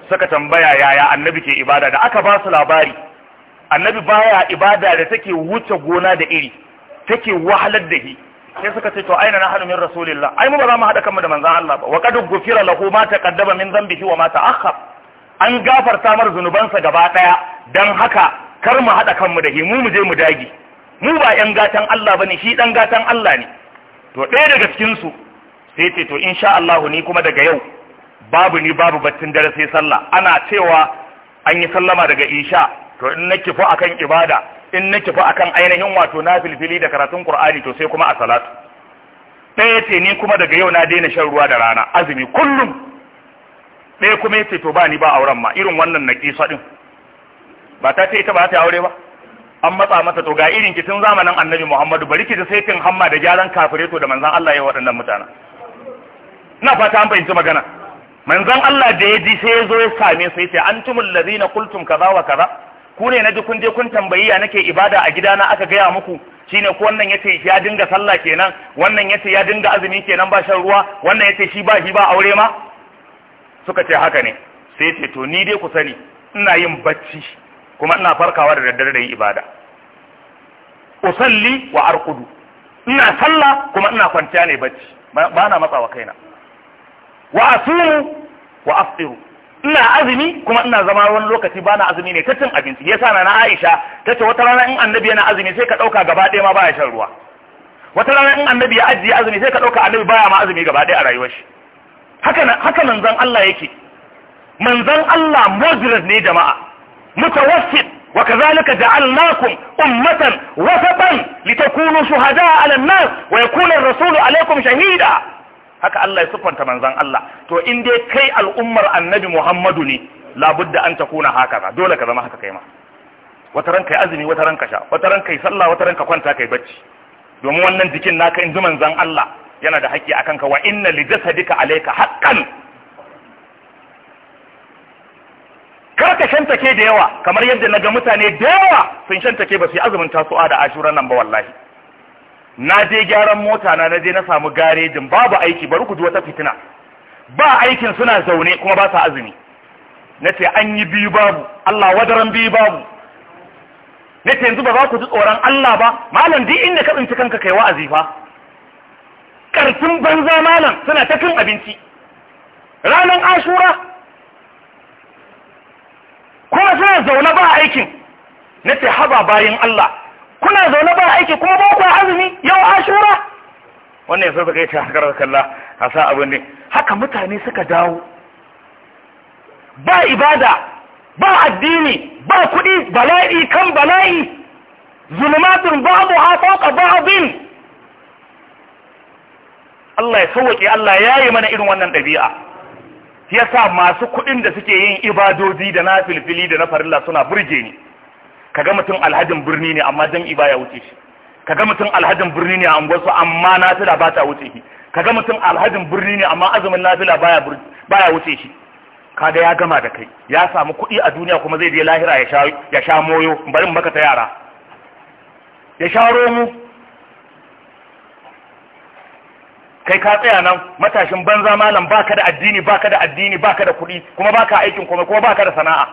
suka tambaya yaya annabi ke ibada da aka ba su labari annabi baya ibada da take wuce gona da iri take wahalar da hi sai suka ce to aina nahnu min rasulillah ai mu ba za mu hada kanmu da manzon Allah ba wa qad gufira lahu ma taqaddama min dhanbihi wa ma ta'akhkhar an gafarta mar sa gaba daya dan haka kar mu hada kanmu da hi mu mu je mu dage mu ba yan gatan Allah bane shi ɗan gatan Allah ne to ɗaya daga cikin su sai ce to insha Allah ni kuma daga yau babu ni babu baccin dare sai sallah ana cewa an yi sallama daga isha to in na kifu akan ibada in na kifu akan ainihin wato na filfili da karatun Kur'ani to sai kuma a salatu ɗaya ce ni kuma daga yau na daina shan ruwa da rana azumi kullum ɗaya kuma ce to ba ni ba auren ma irin wannan na kisa din ba ta ce ita ba ta aure ba an matsa mata to ga irin ki tun zamanin annabi Muhammadu bari ki ta saitin hamma da gyaran kafire da manzan Allah ya waɗannan mutanen Ina fata an fahimci magana manzon Allah da ya ji sai ya zo ya same su ce antumul ladina qultum kaza wa kaza ku ne naji kun je kun tambayi ya nake ibada a gidana aka gaya muku shine ko wannan yace ya dinga sallah kenan wannan yace ya dinga azumi kenan ba shan ruwa wannan yace shi ba shi ba aure ma suka ce haka ne sai ce to ni dai ku sani ina yin bacci kuma ina farkawa da daddare da yin ibada usalli wa arqudu ina sallah kuma ina kwanciya ne bacci ba na matsawa kaina wa asumu wa aftiru ina azumi kuma ina zama wani lokaci bana azumi ne ta cin abinci yasa na Aisha tace wata rana in annabi yana azumi sai ka dauka gaba ɗaya ma baya shan ruwa wata rana in annabi ya ajiye azumi sai ka dauka annabi baya ma azumi gaba ɗaya a rayuwar shi haka haka Allah yake manzan Allah moderate ne jama'a mutawassit wa kazalika ja'alnakum ummatan wasatan litakunu shuhada'a 'ala an-nas wa yakuna ar-rasulu 'alaykum shahida haka Allah ya siffanta manzon Allah to in dai kai al'ummar annabi Muhammadu ne labudda an takuna haka dole ka zama haka kai ma wata ran kai azumi wata ran ka sha wata ran kai sallah wata ran ka kwanta kai bacci domin wannan jikin naka in ji manzon Allah yana da haƙƙi akan ka wa inna li jasadika alayka haqqan kar ka shantake da yawa kamar yadda naga mutane da yawa sun shantake ba su yi azumin tasu'a da ashura nan ba wallahi na je gyaran mota na na je na samu garejin babu aiki bari ku ji wata fitina ba aikin suna zaune kuma ba sa azumi na an yi biyu babu Allah wadaran biyu babu na ce yanzu ba za ku ji tsoron Allah ba malam duk inda ka tsinci kanka kai wa'azi fa karfin banza malam suna ta cin abinci ranar ashura kuma suna zaune ba aikin na haba bayan Allah kuna zaune ba aiki kuma ba ku azumi yau ashura wannan sai suka yi ta karar kalla a sa abin ne haka mutane suka dawo ba ibada ba addini ba kuɗi bala'i kan bala'i zulmatun babu ha fawqa ba'din Allah ya sauwake Allah ya yi mana irin wannan ɗabi'a yasa masu kuɗin da suke yin ibadoji da na filfili da na farilla suna burge ni kaga mutum alhajin birni ne amma jam'i baya wuce shi kaga mutum alhajin birni ne a unguwarsu amma nafila ba ta wuce shi kaga mutum alhajin birni ne amma azumin nafila baya baya wuce shi kaga ya gama da kai ya samu kuɗi a duniya kuma zai je lahira ya sha ya sha moyo bari mu maka ta yara ya sha romu kai ka tsaya nan matashin banza malam baka da addini baka da addini baka da kuɗi kuma baka aikin kuma kuma baka da sana'a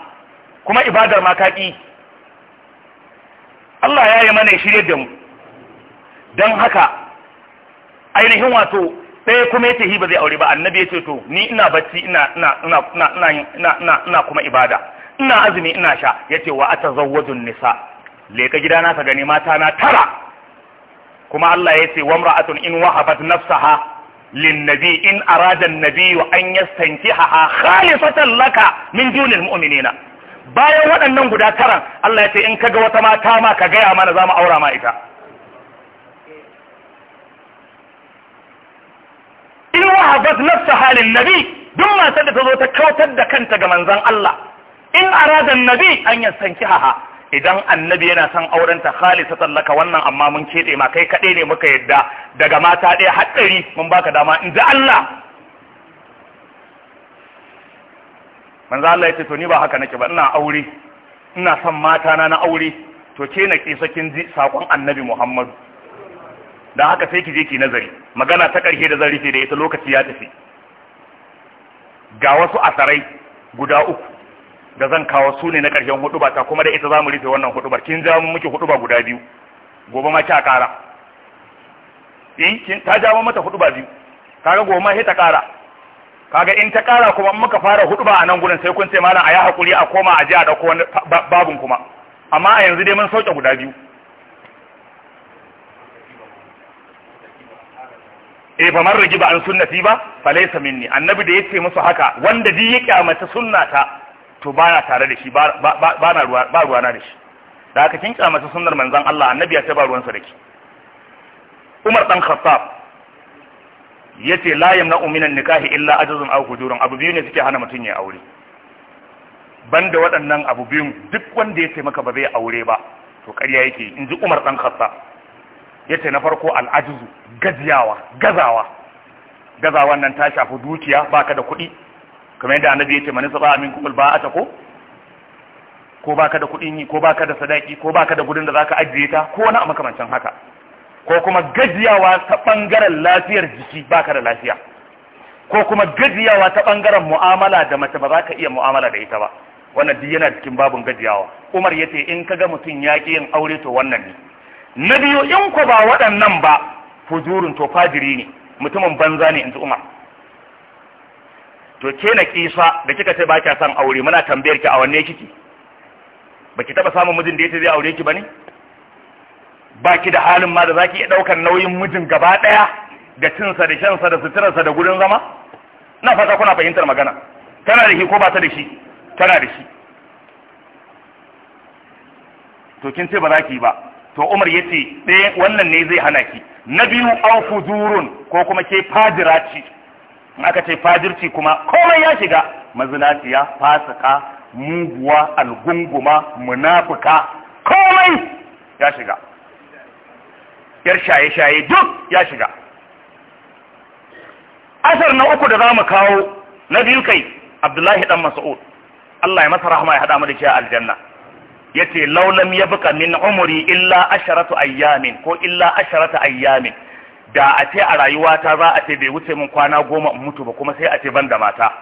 kuma ibadar ma ka ƙi Allah ya yi mana shirye da mu don haka ainihin wato ɗaya kuma yace hi ba zai aure ba annabi yace to ni ina bacci ina ina ina ina ina ina ina kuma ibada ina azumi ina sha yace wa atazawwajun nisa leka gidana ka gani mata na tara kuma Allah yace wa imra'atun in wahabat nafsaha linnabi, nabi in arada an-nabi an yastankiha khalisatan laka min dunil mu'minina bayan waɗannan guda taran Allah ya ce in kaga wata mata ma ka gaya mana za mu aura ma ita in wahabat nafsa halin nabi duk masu da ta zo ta kautar da kanta ga manzon Allah in arada nabi an yi sanki haha idan annabi yana son auren ta khalisa tallaka wannan amma mun keɗe ma kai kaɗai ne muka yadda daga mata ɗaya haɗari mun baka dama in ji Allah manzo Allah ya ce to ni ba haka nake ba ina aure ina son mata na na aure to ke na ke kin ji sakon annabi Muhammadu dan haka sai ki je ki nazari magana ta karshe da zan rufe da ita lokaci ya tafi ga wasu asarai guda uku da zan kawo su ne na karshen ba ta kuma da ita zamu rufe wannan hudubar kin ja mu miki huduba guda biyu gobe ma kya kara eh ta ja mata huduba biyu kaga gobe ma sai ta kara kaga in ta kara kuma muka fara hudu ba a nan gudun sai kun ce malam a yi hakuri a koma a ji a dauko wani babun kuma amma a yanzu dai mun sauke guda biyu e eh, ba man rigiba an sunnati ba fa laysa minni annabi da yace musu haka wanda duk ya kyamata sunnata to baya tare da shi ba na ruwa ba ruwa na da shi da haka kin kyamata sunnar manzon Allah annabi ya ce ba ruwansa da ki Umar dan Khattab yace la yamna'u minan nikahi illa ajzun aw hujurun abu biyu ne suke hana mutun ya aure banda waɗannan abu biyun duk wanda yace maka ba zai aure ba to ƙarya yake inji Umar dan Khattab yace na farko al-ajzu gajiyawa gazawa gazawan nan ta shafi dukiya baka da kuɗi kamar yadda annabi yace man saba amin kumul ba'ata ko ko baka da kuɗin yi ko baka da sadaki ko baka da gudun da zaka ajiye ta ko wani a makamancin haka ko kuma gajiyawa ta ɓangaren lafiyar jiki baka da lafiya ko kuma gajiyawa ta ɓangaren mu'amala da mace ba za ka iya mu'amala da ita ba wannan duk yana cikin babin gajiyawa umar ya ce in ka ga mutum ya ƙi yin aure to wannan ne na biyu in ku ba waɗannan ba fujurin to fajiri ne mutumin banza ne in ji umar to ke na kisa da kika ce ba kya son aure muna tambayar ki a wanne kiki baki taɓa samun mijin da ce zai aure ki ba ne? baki da halin ma da zaki iya daukar nauyin mijin gaba daya da cinsa da shansa da suturarsa da gurin zama na fata kuna fahimtar magana tana da shi ko ba ta da shi tana da shi to kin ce ba za ki ba to Umar ya ce, ɗaya eh, wannan ne zai hana ki na biyu aw ko kuma ke fajiraci in aka ce fajirci kuma komai ya shiga mazinaciya fasika muguwa algunguma munafuka komai ya shiga yar shaye-shaye duk ya shiga asar na uku da za mu kawo na biyu kai abdullahi dan mas'ud Allah ya masa rahama ya hada mu da shi a aljanna yace laulam ya buka min umri illa asharatu ayyamin ko illa asharatu ayyamin da a ce a rayuwata za a ce bai wuce min kwana goma in mutu ba kuma sai a ce ban da mata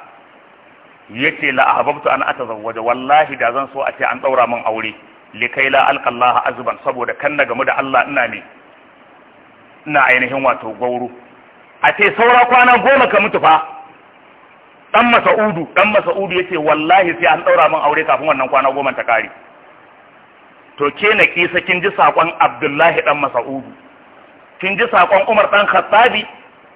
yace la ahbabtu an atazawwaja wallahi da zan so a ce an daura min aure likaila alqallaha azban saboda kan na gamu da Allah ina ne na ainihin wato gauru a ce saura kwana goma ka mutu fa dan masa'udu dan masa'udu yace wallahi sai an daura min aure kafin wannan kwana goma ta kare to ke na kisa kin ji sakon abdullahi dan masa'udu kin ji sakon umar dan khattabi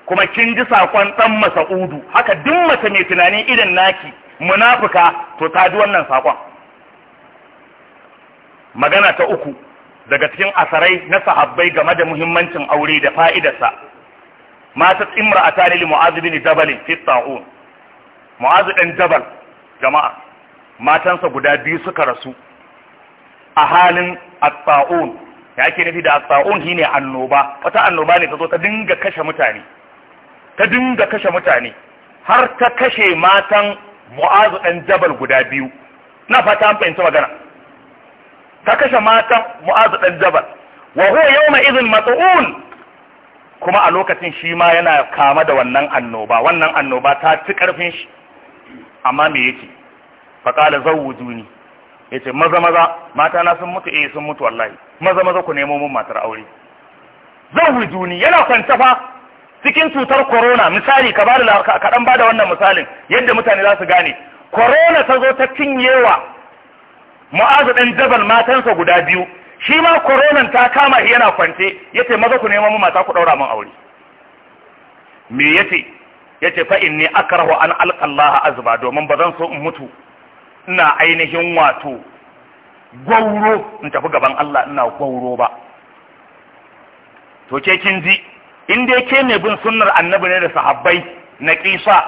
kuma kin ji sakon dan masa'udu haka duk mace mai tunani irin naki munafuka to ta ji wannan sakon magana ta uku daga cikin asarai na sahabbai game da muhimmancin aure da fa'idarsa matat imra'ata lil mu'az bin jabal fi ta'un Mu'azu dan jabal jama'a matansa guda biyu suka rasu a halin at-ta'un ya ake nufi da at-ta'un shine annoba wata annoba ne ta zo ta dinga kashe mutane ta dinga kashe mutane har ta kashe matan mu'azu dan jabal guda biyu na fata an fahimci magana ta kashe matan mu'azu dan jabal wa huwa yawma idhin mat'un kuma a lokacin shi ma yana kama da wannan annoba wannan annoba ta ci karfin shi amma me yake fa qala zawwujuni yace maza maza mata na sun mutu eh sun mutu wallahi maza maza ku nemo mun matar aure zawwujuni yana kwanta fa cikin cutar corona misali ka bada ka dan bada wannan misalin yadda mutane za su gane corona ta zo ta cinyewa mu'azu ɗan jabal matansa guda biyu shi ma koronan ta kama shi yana kwance yace maza ku neman mu mata ku ɗaura min aure me ya ce? yace fa inni rahu an alqa a azba domin zan so in mutu ina ainihin wato gwauro in tafi gaban Allah ina gwauro ba to ke kin ji in dai ke ne bin sunnar annabi ne da sahabbai na kisa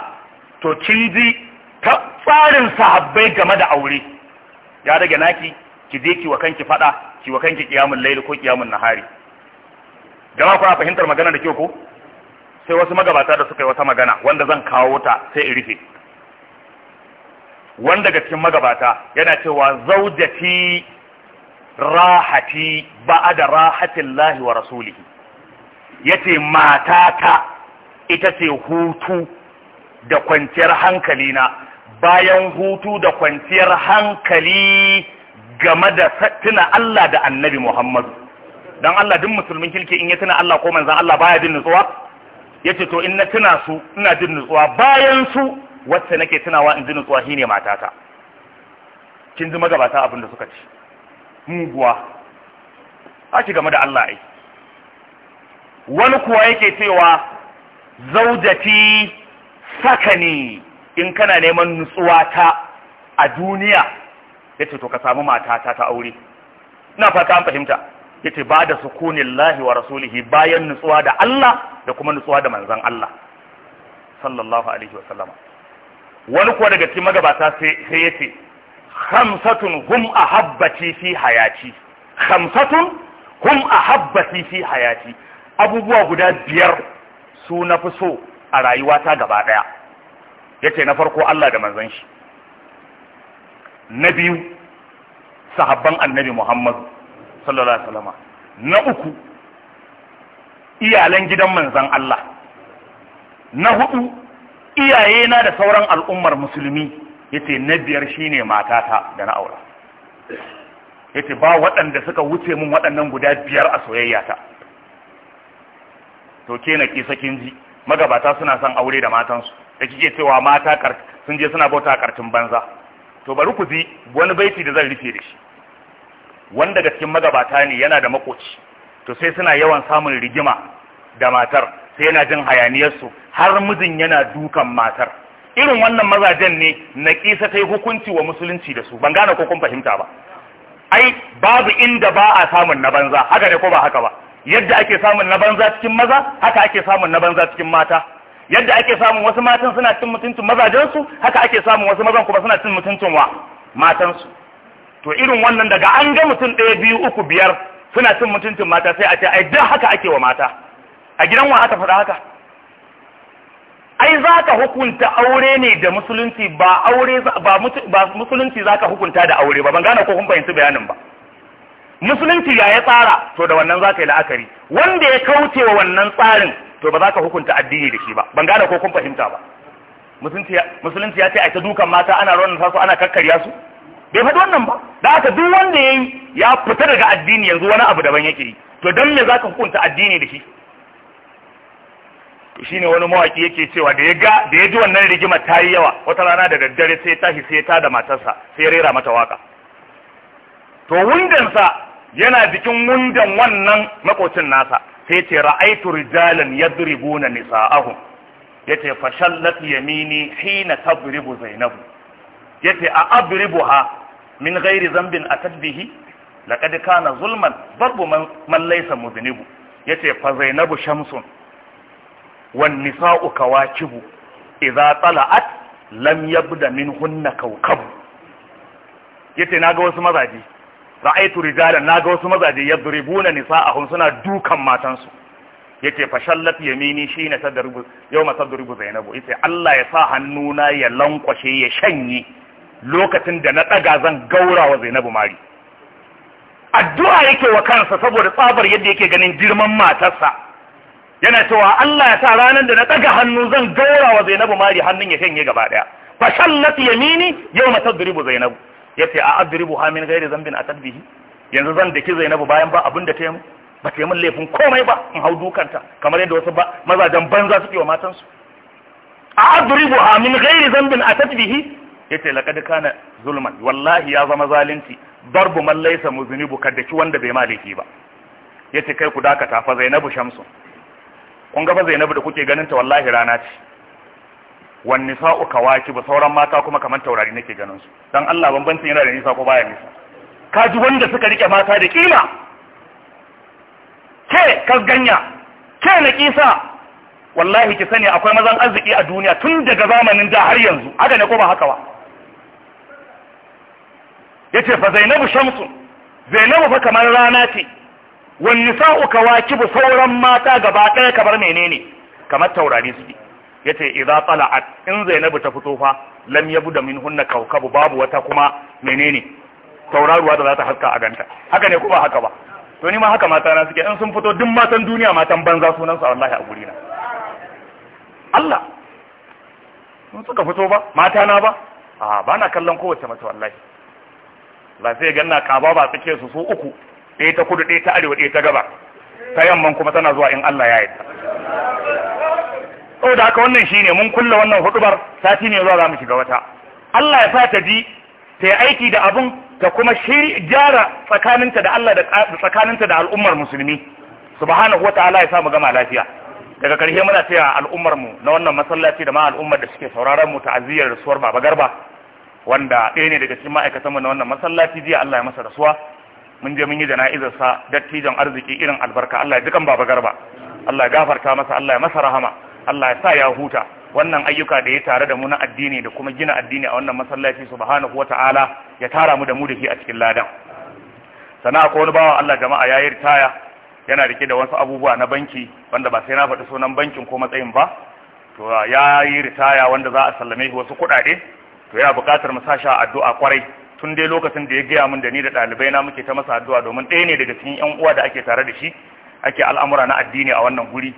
to kin ji ta tsarin sahabbai game da aure ya rage naki ki je ki wa kanki fada ki wa kanki kiyamul layl ko kiyamul nahari jama'a kuna fahimtar magana da kyau ko sai wasu magabata da suka yi wata magana wanda zan kawo ta sai in rufe wanda daga cikin magabata yana cewa zaujati rahati ba'ada rahatin lahi wa rasulihi yace matata ita ce hutu da kwanciyar hankalina bayan hutu da kwanciyar hankali game da tuna Allah da annabi Muhammadu don Allah din musulmin kirki in ya tuna Allah ko manzan Allah baya din nutsuwa ya ce to in na tuna su ina din nutsuwa bayan su wacce nake tunawa in ji nutsuwa shine matata kin ji magabata abin da suka ci muguwa a ci game da Allah ai wani kuwa yake cewa zaujati sakani in kana neman nutsuwa ta a duniya ce to ka samu mata ta ta aure ina fata an fahimta ce ba da sukunillahi wa rasulihi bayan nutsuwa da Allah da kuma nutsuwa da manzan Allah sallallahu alaihi wa sallama wani kuwa daga cikin magabata sai yace hamsatun hum ahabbati fi hayati khamsatun hum ahabbati fi hayati abubuwa guda biyar su na fi so a rayuwata gaba ɗaya yace na farko Allah da manzon shi na biyu sahabban annabi muhammad sallallahu alaihi wasallam na uku iyalan gidan manzon Allah na hudu iyaye na da sauran al'ummar musulmi yace na biyar shine matata da na aura yace ba waɗanda suka wuce mun waɗannan guda biyar a soyayyata, ta to ke na ki magabata suna son aure da matansu da kike cewa mata sun je suna bauta karcin banza to bari ku ji wani baiti da zan rufe da shi Wanda daga cikin magabata ne yana da makoci to sai suna yawan samun rigima da matar sai yana jin hayaniyarsu har mijin yana dukan matar irin wannan mazajen ne na kisa ta yi hukunci wa musulunci da su ban gane ko kun fahimta ba ai babu inda ba a samun na banza haka ne ko ba haka ba yadda ake samun na banza cikin maza haka ake samun na banza cikin mata yadda ake samun wasu matan suna cin mutuncin mazajensu haka ake samun wasu mazan kuma suna cin mutuncin wa matansu to irin wannan daga an ga mutum ɗaya biyu uku biyar suna cin mutuncin mata sai a ce ai duk haka ake wa mata a gidan wa aka faɗa haka ai za ka hukunta aure ne da musulunci ba aure ba musulunci za ka hukunta da aure ba ban gane ko kun fahimci bayanin ba musulunci ya ya tsara to da wannan za ka yi la'akari wanda ya kauce wa wannan tsarin to ba za ka hukunta addini da shi ba ban gane ko kun fahimta ba musulunci ya ce a ta dukan mata ana ranar su ana kakkarya su bai faɗi wannan ba da aka duk wanda ya yi ya fita daga addini yanzu wani abu daban yake yi to don me za ka hukunta addini da shi to shine wani mawaki yake cewa da ya ga da ya ji wannan rigima ta yi yawa wata rana da daddare sai ta sai ta da matarsa sai ya rera mata waka to wundansa yana jikin wundan wannan makocin nasa sai ce ra'aitu rijalan yadribuna nisa'ahum yace fashallat yamini hina tadribu zainab yace a adribuha min ghairi zambin atadbihi laqad kana zulman babu man, man laysa mudnibu yace fa zainabu shamsun wan nisa'u kawakibu idza tala'at lam yabda minhunna kawkab yace naga wasu mazaji ra'aitu rijalan naga wasu mazaje yadribuna nisa'ahum suna dukan matansu yace shallat yamini shine tadrubu yawma tadrubu zainabu yace Allah ya sa hannuna ya lankwashe ya shanye lokacin da na daga zan gaurawa zainabu mari addu'a yake wa kansa saboda tsabar yadda yake ganin girman matarsa yana cewa Allah ya sa ranar da na daga hannu zan gaurawa zainabu mari hannun ya shanye gaba daya shallat yamini yawma tadrubu zainabu yace a adribu ha min zambin a tadbihi yanzu zan daki Zainabu bayan ba abin da ta yi ba ta yi min laifin komai ba in hau dukanta kamar yadda wasu mazajen banza suke wa matansu a adribu ha min ghairi zambin atad yace laqad kana zulman wallahi ya zama zalunci darbu man laysa muznibu ki wanda bai maliki ba yace kai ku dakata fa Zainabu Shamsu kun ga fa Zainabu da kuke ganin ta wallahi rana ce wan ki ba sauran mata kuma kamar taurari nake ganin su Allah bambancin yana da nisa ko baya nisa ka ji wanda suka rike mata da kima ke kasganya ke na kisa wallahi ki sani akwai mazan arziki a duniya tun daga zamanin da har yanzu haka ne ko ba haka ba ce fa zainabu shamsu zainabu fa kamar rana ce wan nisa'u ba sauran mata gaba ɗaya kamar menene kamar taurari suke yace idza tala'at in zainabu ta fito fa lam yabda minhunna kawkabu babu wata kuma menene tauraruwa da za ta haska a ganta haka ne kuma haka ba to ni ma haka mata na suke in sun fito duk matan duniya matan banza sunan su wallahi a gurina Allah mun suka fito ba mata na ba a ba na kallon kowace mace wallahi ba sai ganna kaba ba suke su su uku ɗaya ta kudu ɗaya ta arewa ɗaya ta gaba ta yamman kuma tana zuwa in Allah ya yarda da haka wannan shi ne mun kulla wannan hudubar sati ne zuwa zamu shiga wata Allah ya sa ta ji ta yi aiki da abun ta kuma shiri gyara tsakaninta da Allah da tsakaninta da al'ummar musulmi subhanahu wataala ya sa mu gama lafiya daga karshe muna taya al'ummar mu na wannan masallaci da ma al'ummar da suke sauraron mu ta'aziyar rasuwar baba garba wanda ɗaya ne daga cikin ma'aikatan mu na wannan masallaci jiya Allah ya masa rasuwa mun je mun yi jana'izar sa dattijan arziki irin albarka Allah ya kan baba garba Allah ya gafarta masa Allah ya masa rahama Allah ya sa ya huta wannan ayyuka da ya tare da mu na addini da kuma gina addini a wannan masallaci subhanahu ta'ala ya tara mu da mu da shi a cikin ladan sana ko wani bawa Allah jama'a ya yi ritaya yana rike da wasu abubuwa na banki wanda ba sai na faɗi sunan bankin ko matsayin ba to ya yi ritaya wanda za a sallame shi wasu kuɗaɗe to yana buƙatar mu sasha addu'a kwarai tun dai lokacin da ya gaya min da ni da ɗalibai na muke ta masa addu'a domin ɗaya ne daga cikin 'yan uwa da ake tare da shi ake al'amura na addini a wannan guri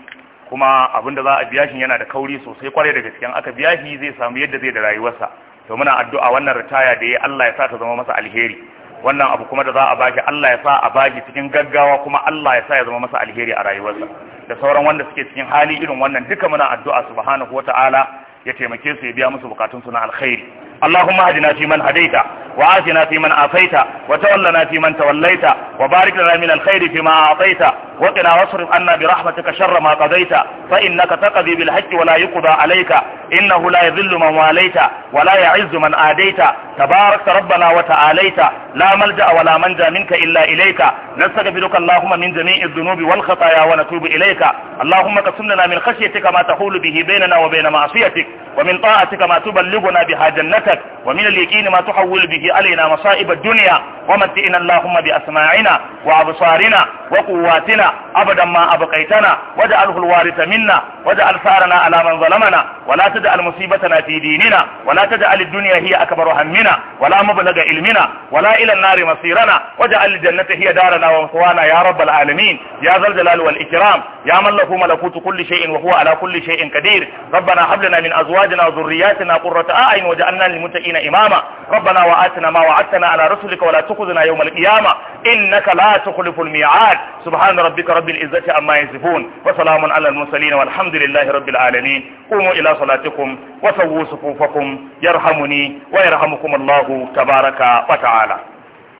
kuma abin da za a biya shi yana da kauri sosai kwarai da cikin aka biya shi zai samu yadda zai da rayuwarsa to muna addu'a wannan ritaya da ya Allah ya sa ta zama masa alheri wannan abu kuma da za a bashi Allah ya sa a bashi cikin gaggawa kuma Allah ya sa ya zama masa alheri a rayuwarsa da sauran wanda suke cikin hali irin wannan duka muna addu'a subhanahu wata'ala ya taimake su ya biya musu bukatun na alkhairi اللهم اهدنا فيمن هديت وعافنا فيمن عافيت وتولنا فيمن توليت وبارك لنا من الخير فيما أعطيت وقنا واصرف عنا برحمتك شر ما قضيت فإنك تقضي بالحق ولا يقضى عليك إنه لا يذل من واليت ولا يعز من آديت تبارك ربنا وتعاليت لا ملجأ ولا منجا منك إلا إليك نستغفرك اللهم من جميع الذنوب والخطايا ونتوب إليك اللهم قسم لنا من خشيتك ما تحول به بيننا وبين معصيتك ومن طاعتك ما تبلغنا بها جنتك ومن اليقين ما تحول به علينا مصائب الدنيا ومتئنا اللهم بأسماعنا وأبصارنا وقواتنا أبدا ما أبقيتنا واجعله الوارث منا واجعل ثارنا على من ظلمنا ولا تجعل مصيبتنا في ديننا ولا تجعل الدنيا هي أكبر همنا ولا مبلغ علمنا ولا إلى النار مصيرنا واجعل الجنة هي دارنا ومثوانا يا رب العالمين يا ذا الجلال والإكرام يا من له ملكوت كل شيء وهو على كل شيء قدير ربنا هب لنا من أزواجنا وذرياتنا قرة أعين وجعلنا للمتقين إماما ربنا وآتنا ما وعدتنا على رسلك ولا تخذنا يوم القيامة إنك لا تخلف الميعاد سبحان ربك rabbika rabbil izzati amma yasifun wa salamun alal mursalin walhamdulillahi rabbil alamin qumu ila salatikum wa sawwu sufufakum yarhamuni wa yarhamukumullahu tabaraka